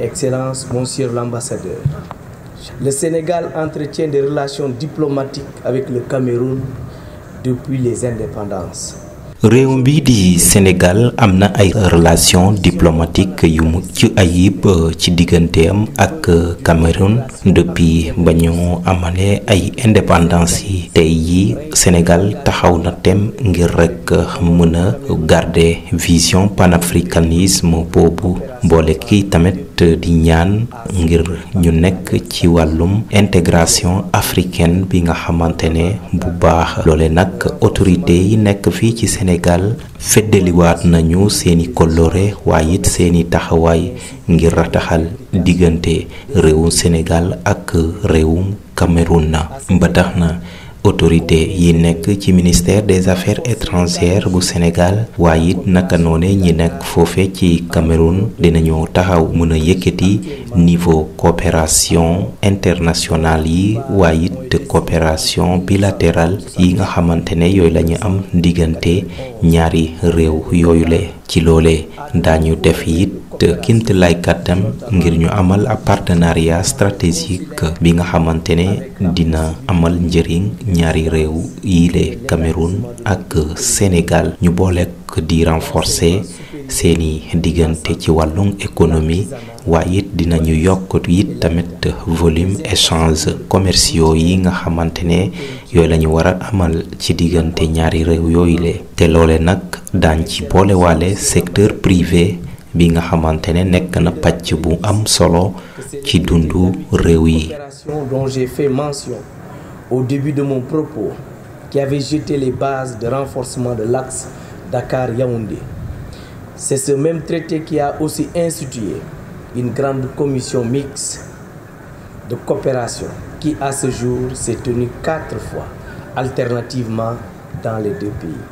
Excellence, Monsieur l'Ambassadeur, le Sénégal entretient des relations diplomatiques avec le Cameroun depuis les indépendances. réew mi di Sénégal am na ay relations diplomatique yu mucc ayib euh, ci digganteem ak Cameroun depuis ba ñu amalee ay indépendance tey yi Sénégal taxaw na tem ngir rek euh, mën a garder vision panafricanisme boobu boole ki tamit euh, di ñaan ngir ñu nekk ci wàllum intégration africaine bi nga xamante ne bu baax loole nag autorité yi nekk fii ci Sénégal feddaliwaat nañu seeni kollore waaye it seeni taxawaay ngir rataxal diggante réewum Sénégal ak réewum Cameroun na ba tax na autorité yi nekk ci ministère des affaires étrangères bu Sénégal waaye it naka noone ñi nekk foofe ci Cameroun dinañu taxaw mën a yëkkati niveau coopération internationale yi waayit it coopération bilatérale yi nga xamante ne yooyu la ñu am diggante ñaari réew yooyu ci loolee daañu def it kéemtalaay kattam ngir ñu amal ab partenariat stratégique bi nga xamante ne dina amal njëriñ ñaari réew yile Cameroun ak Sénégal ñu boolek di renforcer seeni diggante ci wàllum économie waaye it dinañu yokk it tamit volume échange commerciaux yi nga xamante ne yooyu lañu ñu war a amal ci diggante ñaari réew yooyu le te loole nag daañ ci boolewaale secteur privé bi nga xamante ne nekk na pàcc bu am solo ci dundu réew yi. dont j'ai fait mention au début de mon propos qui avait jeté les bases de renforcement de l'axe Dakar-Yaoundé. C'est ce même traité qui a aussi institué une grande commission mixte de coopération qui à ce jour s'est tenue quatre fois alternativement dans les deux pays.